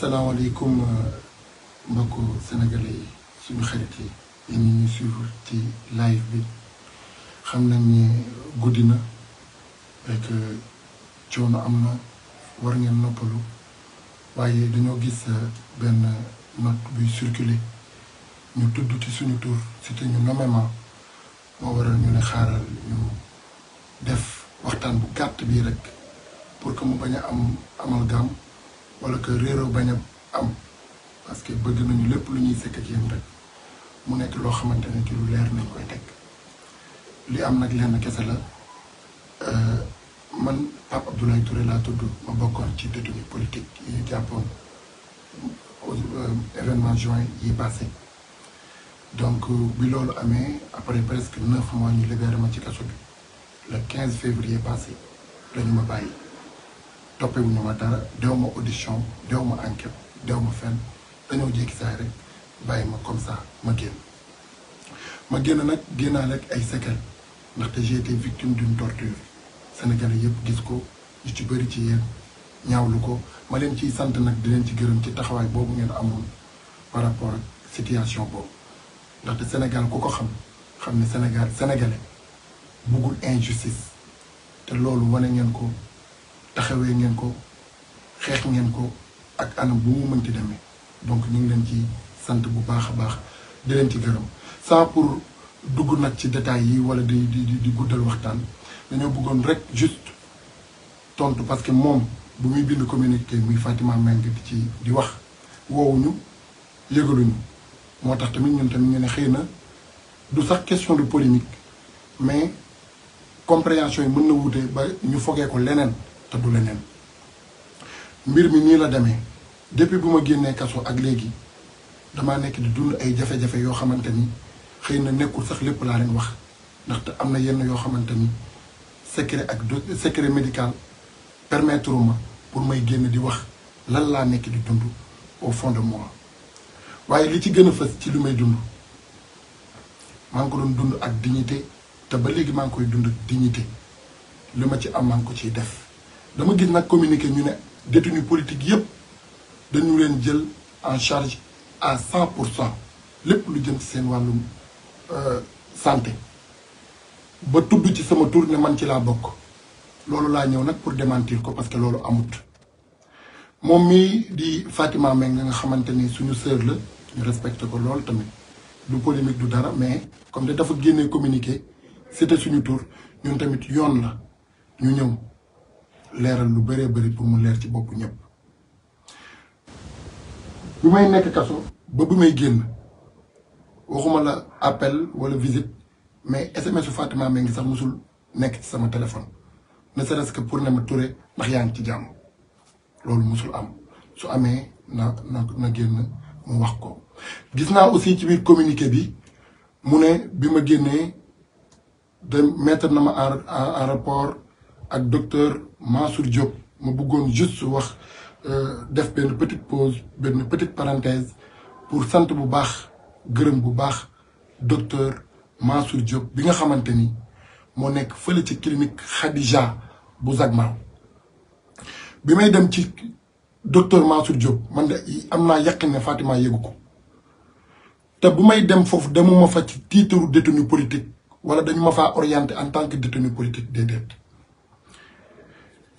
asalaamaaleykum euh, mbokku sénégalais yi suñu xarit yi yéen ñi ñu suivre ci live bi xam nañ ni guddi na fekk coono am na war ngeen noppalu waaye dañoo gis euh, benn note buy circuler ñu tudd ci suñu tur cité ñu nommément moo waral ñu ne xaaral ñu def waxtaan bu gàtt bii rek pour que mu bañ a am amalgame wala que réeroo bañ am parce que bëgg nañu lépp lu ñuy sekk ci yéen rek mu nekk loo xamante ne ci lu leer nañ koy teg li am nag lenn kese la euh, man Pape Abdoulaye Touré laa tudd ma bokkoon ci détenu politique yi ñu jàppoon euh, événement juin yi passé donc euh, bi loolu amee après presque neuf mois ñu libéré ma ci kaso bi le quinze février passé la ñu ma bàyyi. toppee wuñu ma dara dew ma audition dew ma enquête dew ma fenn dañoo jékki saay rek bàyyi ma comme sax ma génn ma génn nag génnaa rek ay séquelles ndaxte j'ai été victime d'une torture sénégalais yëpp gis ko ñu ci bëri ci yéen ñaawlu ko ma leen ciy sant nag di leen ci gërëm ci taxawaay boobu ngeen amul par rapport ak situation boobu ndaxte Sénégal ku ko xam xam ne Sénégal sénégalais buggul injustice te loolu wane ngeen ko taxawee ngeen ko xeex ngeen ko ak anam bu mu mënti demee donc ñu ngi leen ci sant bu baax a baax di leen ci gërëm sans pour dugg nag ci détails yi wala di di di guddal waxtaan dañoo bëggoon rek juste tontu parce que moom bu muy bind communiqué muy Fatima Mbengue di ci di wax woowuñu yëgaluñu moo tax tamit ñun tamit ñu xëy na du sax question de polémique mais compréhension yi mën na wute ba ñu fogee ko leneen te du leneen mbir mi nii la demee depuis bu ma génnee kaso ak léegi damaa nekk di dund ay jafe-jafe yoo xamante ni xëy na nekkul sax lépp laa leen wax ndaxte am na yenn yoo xamante ni secret ak secret médical permettre ma pour may génn di wax lan laa nekk di dund au fond de waaye li ci gën a fës ci li may dund maa ngi ko doon dund ak dignité te ba léegi maa ngi koy dund dignité li ma ci am maa ngi ko ciy def dama gis nag communiqué ñu ne détenu politique yépp dañu leen jël en charge à cent pour cent lépp lu jëm ci seen wàllum euh, santé ba tudd ci sama tur ne man ci laa bokk loolu laa ñëw nag pour démentir ko parce que loolu amut moom mii di Fatima Mbengue nga xamante ni suñu sœur la ñu respecté ko loolu tamit du polémique du dara mais comme de dafa génnee communiqué te suñu tur ñun tamit yoon la ñu ñëw leeral lu bëree bëri pour mu leer ci bopp ñëpp bi may nekk kaso ba bi may génn waxuma la appel wala visite mais SMS fàtte Fatima mi ngi sax musul nekk ci sama téléphone ne serait-ce que pour ne ma Touré ndax yaa ngi ci jàmm loolu mosul am su amee na na génn mu wax ko. gis naa aussi ci biir communiqué bi mu ne bi ma génnee de mettre na ma en rapport. ak docteur Mansour Diop ma bëggoon juste wax euh, def benn petite pause benn petite parenthèse pour sant bu baax gërëm bu baax docteur Mansour Diop bi nga xamante ni moo nekk fële ci clinique Khadija bu Zagmaaw bi may dem ci docteur Mansour Diop man de am naa yaqin ne Fatima yëgu ko te bu may dem foofu demuma fa ci titre détenu politique wala dañu ma faa orienté en tant que détenu politique déedéet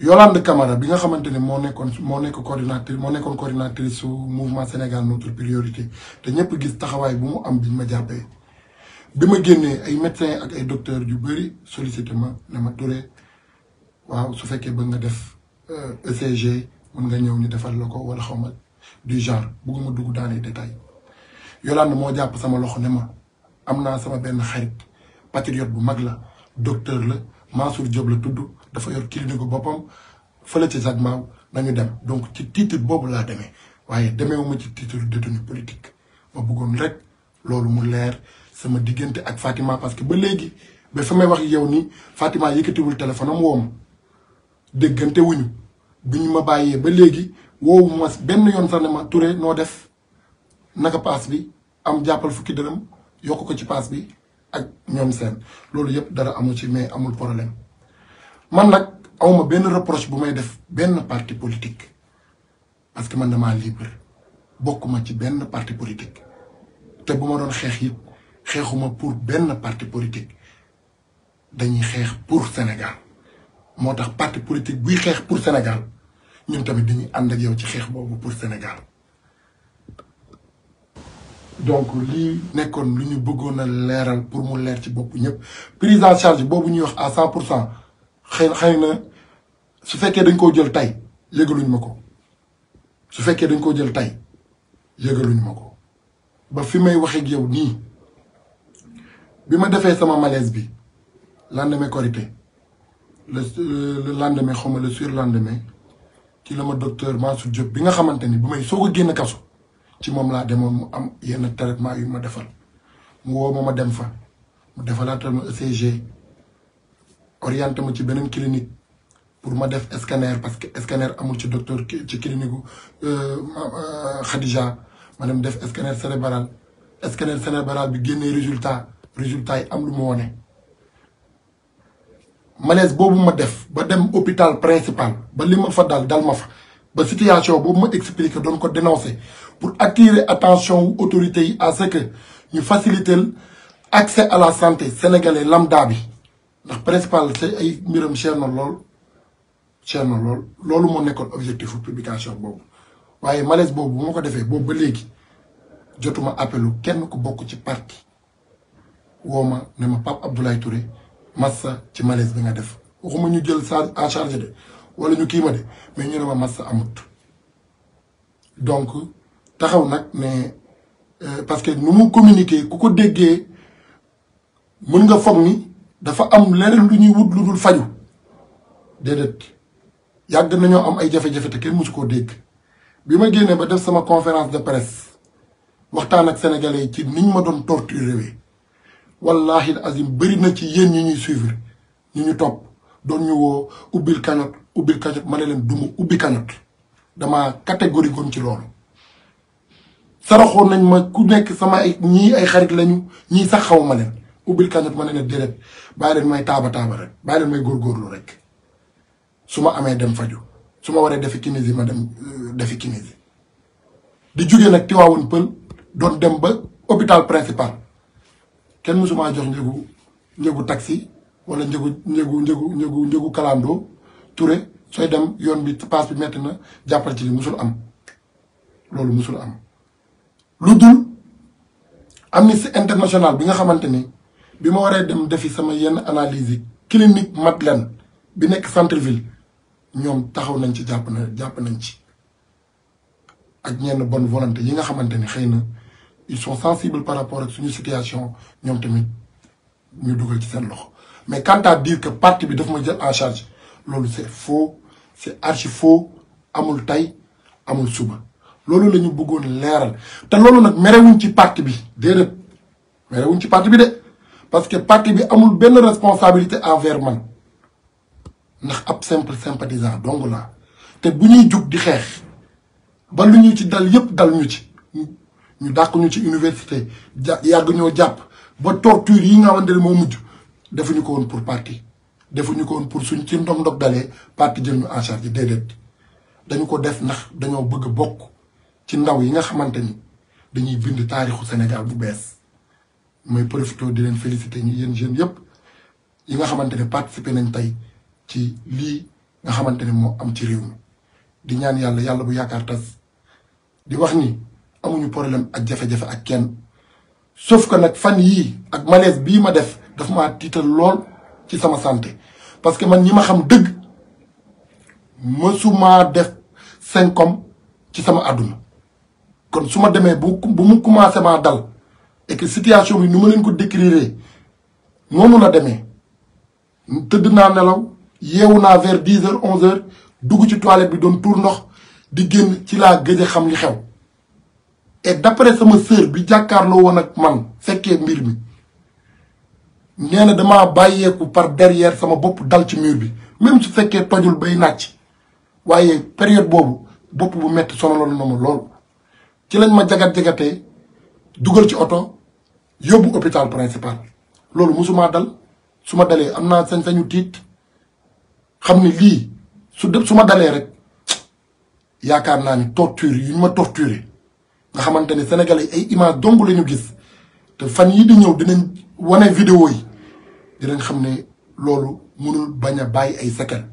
Yolande kamara bi nga xamante ne moo nekkoon moo nekk coordinateur moo nekkoon coordinatrice su mouvement Sénégal notre priorité te ñëpp gis taxawaay bu mu am ñu ma jàppee bi ma génnee ay médecins ak ay docteurs yu bëri sollicité ma ne ma Touré waaw su fekkee bëgg nga def ECG euh, e mën nga ñëw ñu defal la ko wala xaw ma du genre bëgguma dugg dans les détails Yolande moo jàpp sama loxo ne ma am naa sama benn xarit patriote bu mag la docteur la Mansour Diop la tudd. dafa yor clinique boppam fële ci Zagmaaw nañu dem donc ci titre boobu laa demee waaye demeewuma ci titre détenu politique ma bëggoon rek loolu mu leer sama diggante ak Fatima parce que ba léegi ba fa wax yow ni Fatima yëkkatiwul téléphone am woo ma déggante ñu ma bàyyee ba léegi woowu ma benn yoon sax ne ma Touré noo def naka paas bi am jàppal fukki dërëm yokk ko ci paas bi ak ñoom seen loolu yëpp dara amu ci mais amul problème. man nag awma benn reproche bu may def benn partie politique parce que man damaa libre bokkuma ci benn partie politique te bu ma doon xeex yi xeexuma pour benn partie politique dañuy xeex pour Sénégal moo tax parti politique buy xeex pour Sénégal ñun tamit dañuy ànd ak yow ci xeex boobu pour Sénégal donc lii nekkoon lu ñu bëggoon a leeral pour mu leer ci bopp ñëpp prise en charge boobu ñuy wax à cent pour cent xëy xëy na su fekkee dañ koo jël tay yëgaluñ ma ko su fekkee dañ koo jël tay yëgaluñ ma ko ba fi may waxee yow nii bi ma defee sama malaise bi lendemain Korité le euh, le lendemain xaw ma le surlendemain ci la ma docteur Mansour Diop bi nga xamante ni bu may soog a génn kaso ci moom laa demoon mu am yenn traitement yu ma defal mu woo ma ma dem fa mu defalaatal ma ECG. orienté ma ci beneen clinique pour ma def scanner parce que scanner amul ci docteur ci clinique gu euh, euh, Khadija ma dem def scanner cérébral scanner cérébral bi génnee résultat résultat yi am lu ma wone malaise boobu ma def ba dem hôpital principal ba li ma fa dal dal ma fa ba situation boobu ma expliqué doon ko dénoncé pour attirer attention wu autorités yi à ce que ñu faciliter l'accès à la santé sénégalais lambda bi ndax principal te ay mbiram cher na lool cher na lool loolu moo nekkoon objectif publication boobu waaye malaise boobu bu ma ko defee boobu ba léegi jotuma appelu kenn ku bokk ci parti woo ma ne ma Pape Abdoulaye Touré massa ci malaise bi nga def waxuma ñu jël en charge de wala ñu kii ma de mais ñu ne ma massa amut donc taxaw nag mais euh, parce que nu mu communiquer ku ko déggee mën nga foog ni dafa am leneen lu ñuy wut lu dul faju déedéet yàgg nañoo am ay jafe-jafe te kenn mosu koo dégg bi ma génnee ba def sama conférence de presse waxtaan ak sénégalais yi ci niñ ma doon torturé wallahi azim bëri na ci yéen ñi ñuy suivre ñu ñu topp doon ñu woo ubbil cagnotte ubbil cagnotte ma ne leen duma ubbi cagnotte dama catégorie goon ci loolu saraxoon nañ ma ku nekk sama ay ñii ay xarit lañu ñii sax xaw ma leen ubbil kaset ma ne ne déedéet bàyyi leen may taaba taaba rek bàyyi leen may góorgóorlu rek su ma amee dem faju su ma waree defi kinési ma dem euh, defi kinési di jóge nag Tiwaawoon Pël doon dem ba hôpital principal kenn mësumaa jox njëgu njëgu taxi wala njëgu njëgu njëgu njëgu njëgu kalandoo Touré sooy dem yoon bi paas bi metti na jàppale ci li musul am loolu musul am lu dul Amnesty International bi nga xamante ni bi ma waree dem defi sama yenn analyse yi clinique Madeleine bi nekk centre ville ñoom taxaw nañ ci jàpp na jàpp nañ ci ak ñenn bonne volonté yi nga xamante ni xëy na ils sont sensibles par rapport ak suñu situation ñoom tamit ñu dugal ci seen loxo mais quant à dire que parti bi daf ma jël en charge loolu c'est faux c'est archi faux amul tey amul suba loolu lañu buggoon leeral te loolu nag merewuñ ci parti bi déedéet merewuñ ci parti bi de parce que parti bi amul benn responsabilité envers man ndax ab simple sympathisant dong laa te bu ñuy jug di xeex ba lu ñu ci dal yépp dal ñu ci ñu dàq ñu ci université ja yàgg ñoo jàpp ba torture yi nga xamante ne moo mujj defuñu ko woon pour parti defuñu ko woon pour suñ ci ndog ndog dalee parti jël ñu en charge déedéet dañu ko def ndax dañoo bëgg bokk ci ndaw yi nga xamante ni dañuy bind taarixu Sénégal bu bees mooy profité di leen félicité ñu yéen jeunes yëpp yi nga xamante ne participé nañ tey ci lii nga xamante ne moo am ci réew mi di ñaan yàlla yàlla bu yaakaar tas di wax ni amuñu problème ak jafe-jafe ak kenn sauf que nag fan yii ak malaise bii ma def daf ma tiital lool ci sama santé parce que man ñi ma xam dëgg mësumaa def cinq comme ci sama àdduna kon su ma demee bu bu mu commencé maa dal et que situation bi nu ma leen ko décrire noonu la demee tëdd naa nelaw yeewu naa vers dix heures onze heures dugg ci toilette bi doon tuur ndox di génn ci laa gëj a xam li xew et d'après sama sœur bi jàkkaarloo woon ak man fekkee mbir mi nee na damaa bàyyeeku par derrière sama bopp dal ci mur bi même su fekkee tojul bay nàcc waaye période boobu bopp bu metti sonaloon na ma lool ci lañ ma jagat jagatee dugal ci oto yóbbu hôpital principal loolu mosumaa dal su ma dalee am naa sañ-sañu tiit xam ni lii su def su ma dalee rek yaakaar naa ni torture yu ñu ma torture nga xamante ni sénégalais ay image dong la ñu gis te fan yi di ñëw dinañ wane vidéo yi dinañ xam ne loolu mënul bañ a bàyyi ay séquelles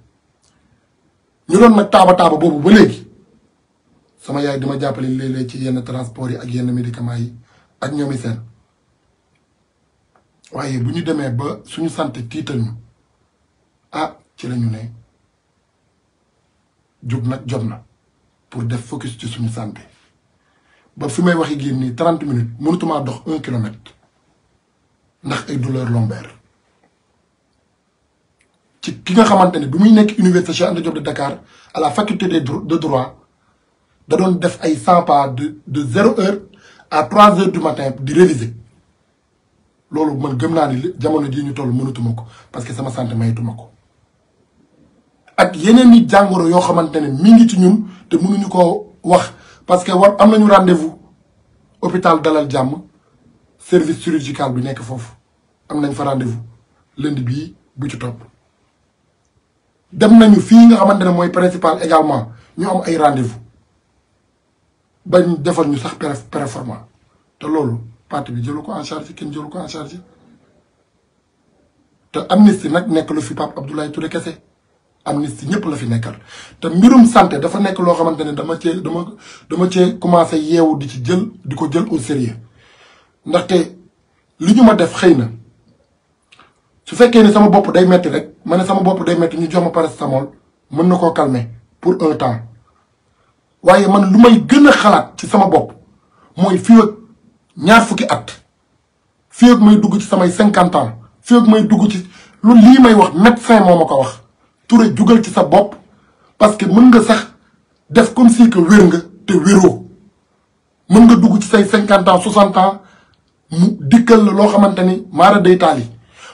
ñu doon nag taaba taaba boobu ba léegi sama yaay ma jàppale léeg-léeg ci yenn transport yi ak yenn médicaments yi ak ñoomi seen waaye bu ñu demee ba suñu santé tiital ñu ah ci lañu ne jóg nag jot na pour def focus ci suñu santé ba fi may waxi gii nii trente minutes mënutuma dox un kilomètre ndax ay douleur lombaire ci ki nga xamante ne bi muy nekk université Cheikh Anta jot de Dakar à la faculté de droit da doon def ay cent pas de de zéro heure à trois heures du matin di réviser loolu man gëm naa ni jamono jii ñu toll mënatuma ko parce que sama santé maytuma ko ak yeneen i jàngoro yoo xamante ne mi ngi ci ñun te mënuñu ko wax parce que war am nañu rendez-vous hôpital Dalal Jàmm service chirurgical bi nekk foofu am nañ fa rendez-vous lundi bii bu ci topp dem nañu fii nga xamante ne mooy principal également ñoo am ay rendez bañ defal ñu sax performant te loolu parti bi jëlu ko en charge kenn jëlu ko en charge te amnistie nag nekk lu fi Pape Abdoulaye Touré kese amnistie ñëpp la fi nekkal te mbirum sante dafa nekk loo xamante ne dama cee dama dama cee commencé yeewu di ci jël di ko jël au sérieux ndaxte li ñu ma def xëy na su fekkee ni sama bopp day metti rek ma ne sama bopp day metti ñu jox ma paracétamol mën na koo calmer pour un temps waaye man lu may gën a xalaat ci sama bopp mooy fii ñaar fukki at fii ak may dugg ci samay cinquante ans fii ak may dugg ci lu lii may wax médecin moo ma ko wax Touré jugal ci sa bopp parce que mën nga sax def comme si que wér nga te wéroo mën nga dugg ci say cinquante ans soixante ans mu dikkal na loo xamante ni maara day taal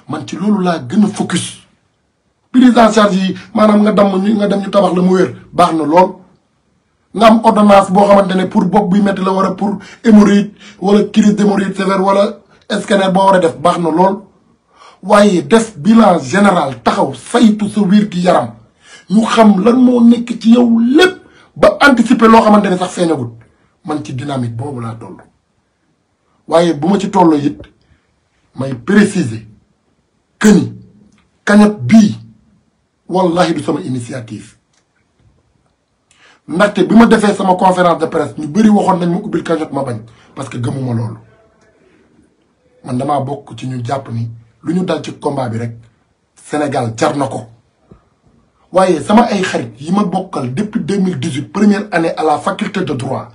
man ci loolu laa gën a focus prise en charge yi maanaam nga damm ñu nga dem ñu tabax la mu wér baax na lool nga am ordonnance boo xamante ne pour bopp buy métti la war a pour hémorroïde wala crise d'hémorroïde sévère wala scanner boo war a def baax na lool waaye def bilan général taxaw saytu sa wér ki yaram ñu xam lan moo nekk ci yow lépp ba anticiper loo xamante ne sax feeñagul man ci dynamique boobu laa toll waaye bu ma ci toll it may préciser que ni cagnotte bii wallahi du sama initiative ndaxte bi ma defee sama conférence de presse ñu bëri waxoon nañ ma ubbil cagnotte ma bañ parce que gëmuma loolu man damaa bokk ci ñu jàpp ni lu ñu dal ci combat bi rek Sénégal jar na ko waaye sama ay xarit yi ma bokkal depuis 2018 première année à la faculté de droit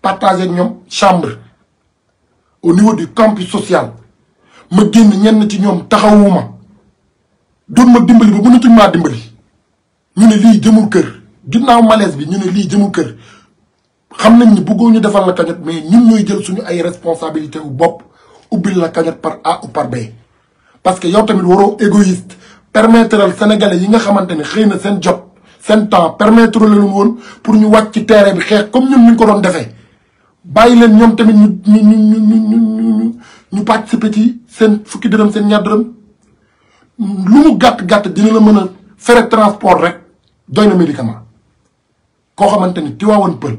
partagé ak ñoom chambre au niveau du campus social ma génn ñenn ci ñoom taxawuma doon ma dimbali ba mënatuñ maa dimbali ñu ne lii jëmul kër ginnaaw malaise bi ñu ne lii jëmul kër xam nañ ni bëggoo ñu defal la cagnotte mais ñun ñooy jël suñu ay responsabilité wu bopp ubbil la cagnotte par A ou par B. parce que yow tamit waroo égoïste permettre sénégalais yi nga xamante ne xëy na seen jot seen temps permettre leen woon pour ñu wàcc ci terrain bi xeex comme ñun ñu ko doon defee bàyyi leen ñoom tamit ñu ñu ñu ñu ñu ñu participer ci seen fukki dërëm seen ñaar dërëm lu mu gàtt gàtt dina la mën a fere transport rek doy na koo xamante ni Tivaouane Peulh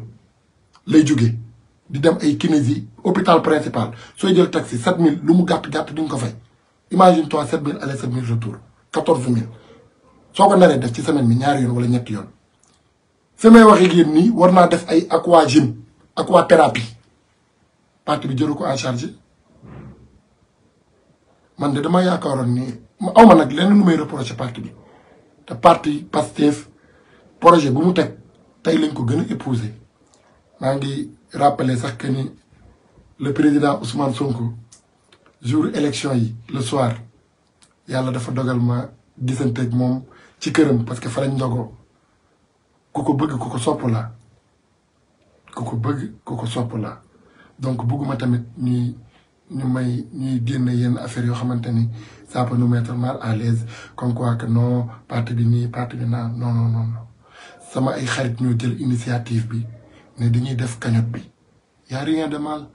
lay jóge di dem ay kinési hôpital principal sooy jël taxi 7000 lu mu gàtt gàtt di nga ko fay imagine toi 7000 aller 7000 retour 14000 soo ko naree def ci semaine bi ñaari yoon wala ñetti yoon fi may wax ak nii war naa def ay aqua gym aqua thérapie parti bi jëlu ko en charge man de dama yaakaaroon ni awma nag leneen lu may reproché parti bi te parti Pastef projet bu mu teg. tey lañ ko gën a épouser maa ngi rappeler sax que ni le président Ousmane Sonko jour élection yi le soir yàlla dafa dogal ma gisanteeg moom ci këram parce que fa lañ ndogoo ku ko bëgg ko sopp la ko bëgg ku ko sopp la donc bëgguma tamit ñuy ñu may ñuy génn yenn affaire yoo xamante ni ça peut nous mettre mal à comme quoi que non parti bi nii parti bi naa non non sama ay xarit ñoo jël initiative bi ne ñuy def cagnotte bi y a rien de mal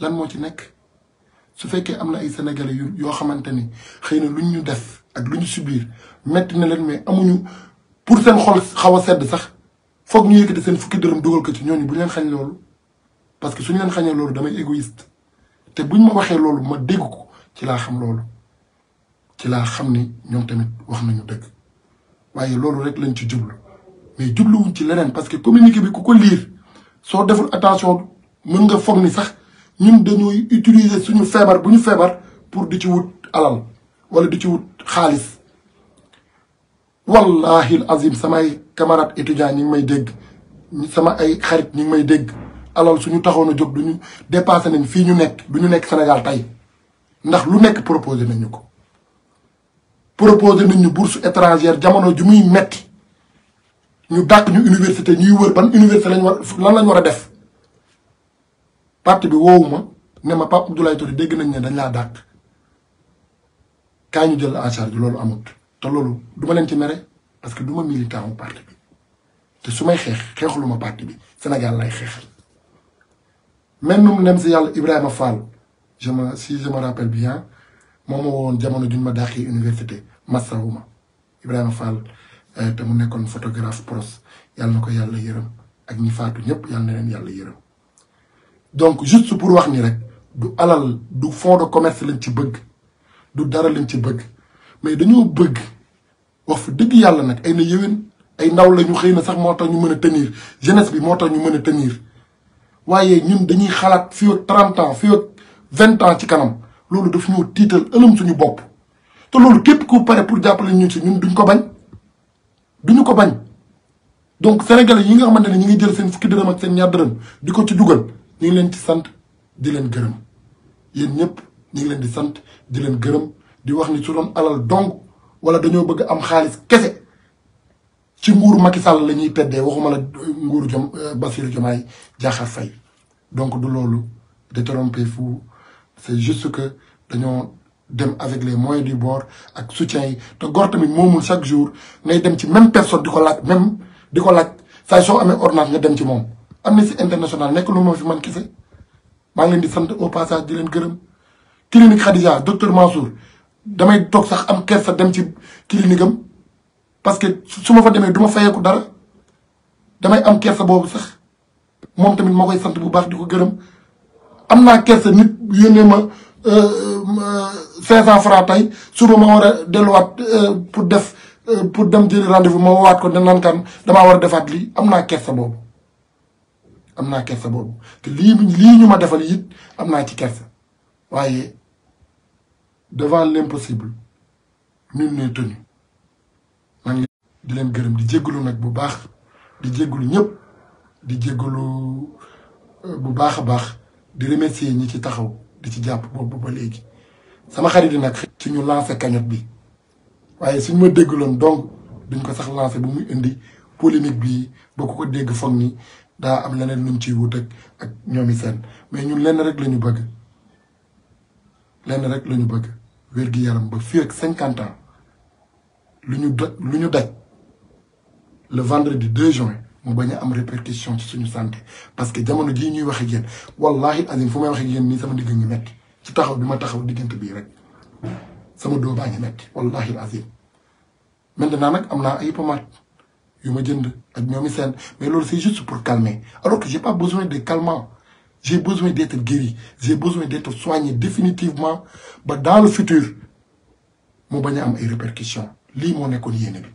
lan moo ci nekk su fekkee am na ay sénégalais yoo xamante ni xëy na luñ ñu def ak lu ñu subir metti na leen mais amuñu pour seen xol xaw a sedd sax foog ñu yëkkati seen fukki dërëm dugal ko ci ñooñu bu ñu leen xañ loolu parce que suñu leen xañee loolu damay égoïste te buñ ma waxee loolu ma dégg ko ci laa xam loolu ci laa xam ni ñoom tamit wax nañu dëgg waaye loolu rek lañ ci jublu. mais jubluwuñ ci leneen parce que communiqué bi ku ko liir soo deful attention mën nga foog ni sax ñun dañuy utiliser suñu feebar bu ñu feebar pour di ci wut alal wala di ci wut xaalis wallahi azim samay camarades étudiants ñi ngi may dégg sama ay xarit ñi ngi may dégg alal suñu taxoon a jóg duñu dépassé nañ fii ñu nekk du ñu nekk Sénégal tey ndax lu nekk proposé nañ ñu ko proposé nañ ñu bourse étrangère jamono ju muy metti ñu dàq ñu université ñuy wër ban université lañ war lan lañ war a def parti bi woowu ma ne ma Pape Abdoulaye dégg nañ ne dañ dàq kaay ñu jël en loolu amut te du ma leen ci mere parce que du ma militant wu parti bi te su may xeex xeexlu ma parti bi Sénégal lay xeexal même nu mu nem si yàlla Ibrahima Fall je jema si je rappelle bien moom moo woon jamono duñ ma dàqee université massawuma Ibrahima Fall Eh, te mu nekkoon photographe pros yàlla na ko yàlla yërëm ak ñi faatu ñëpp yàlla na leen yàlla yërëm donc juste pour wax ni rek du alal du fonds de commerce lañ ci bëgg du dara lañ ci bëgg mais dañoo bëgg wax fu dëgg yàlla nag ay na yéwén ay ndaw la ñu xëy na sax moo tax ñu mën a tenir jeunesse bi moo tax ñu mën a tenir waaye ñun dañuy xalaat fii trent 30 ans fii ak ans ci kanam loolu daf ñoo tiital ëlëm suñu bopp te loolu képp ku pare pour jàppale ñun si ñun duñ ko bañ. du ñu ko bañ donc sénégalais yi nga xamante ne ñu ngi jël seen fukki dërëm ak seen ñaar dërëm di ko ci dugal ñu ngi leen ci sant di leen gërëm yéen ñëpp ñu ngi leen di sant di leen gërëm di wax ni ci doon alal dong wala dañoo bëgg am xaalis kese ci nguuru Macky Sall la ñuy teddee waxuma la nguuru jom euh, Bassirou Diomaye Diakhar Faye donc du loolu de détrompez-vous c'est juste que dañoo dem avec les moyens du bord ak soutien yi te gor tamit moomul chaque jour ngay dem ci même personne di ko laaj même di ko laaj saay soo amee ordonnance nga dem ci moom. Amnesty International nekk lu moo fi man kese maa ngi leen di sant au passage di leen gërëm clinique Khadija docteur Mansour damay toog sax am kersa dem ci clinique am parce que su ma fa demee du ma fayeeku dara damay am kersa boobu sax moom tamit ma koy sant bu baax di ko gërëm am naa kersa nit yónnee ma. Euh, euh, cinq cent francs tey suba ma war a delluwaat euh, pour def pour dem jëli rendez-vous ma woowaat ko ne naan damaa war a defaat lii am naa kersa boobu am naa kersa boobu te lii lii ñu ma defal it am naa ci kersa waaye devant l'impossible possible n'est tenu maa di leen gërëm di jéggalu nag bu baax di jéggalu ñëpp di jéggalu bu baax a baax di remercier ñi ci taxaw di ci jàpp boobu ba léegi sama xarit yi nag ci ñu lancé cagnotte bi waaye suñ ma déggloon donc duñ ko sax lancé bu muy indi polémique bi ba ku ko dégg foog ni daa am leneen lu mu ciy wut ak ñoomi seen mais ñun lenn rek lañu bëgg lenn rek lañu bëgg wér-gi-yaram ba fii ak cinquante ans lu ñu do lu ñu daj le vendredi 2 juin mu bañ a am répercussion ci suñu santé parce que jamono jii ñuy wax ak yéen wallahi azim fu may wax ak yéen nii sama digg ngi metti ci taxaw bi ma taxaw diggante bii rek sama doo baa ngi metti wallahi azim maintenant nag am naa ay pomade yu ma jënd ak ñoomi seen mais loolu c'est juste pour calmer alors que j'ai pas besoin de calmant j'ai besoin d'être guéri j'ai besoin d'être soigné définitivement ba dans le futur mu bañ a am ay répercussions lii moo nekkoon yéene bi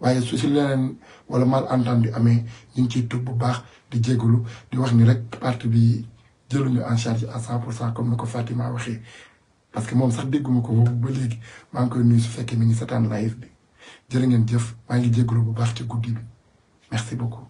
waaye su si leneen wala bi amee ñu ngi ciy tub bu baax di jégalu di wax ni rek parti bi jëluñu en charge à cent pour cent comme ni ko Fatima waxee parce que moom sax dégguma ko ba léegi maa ngi koy nuyu su fekkee mi ngi seetaan live bi jërë ngeen jëf maa ngi jégalu bu baax ci guddi bi merci beaucoup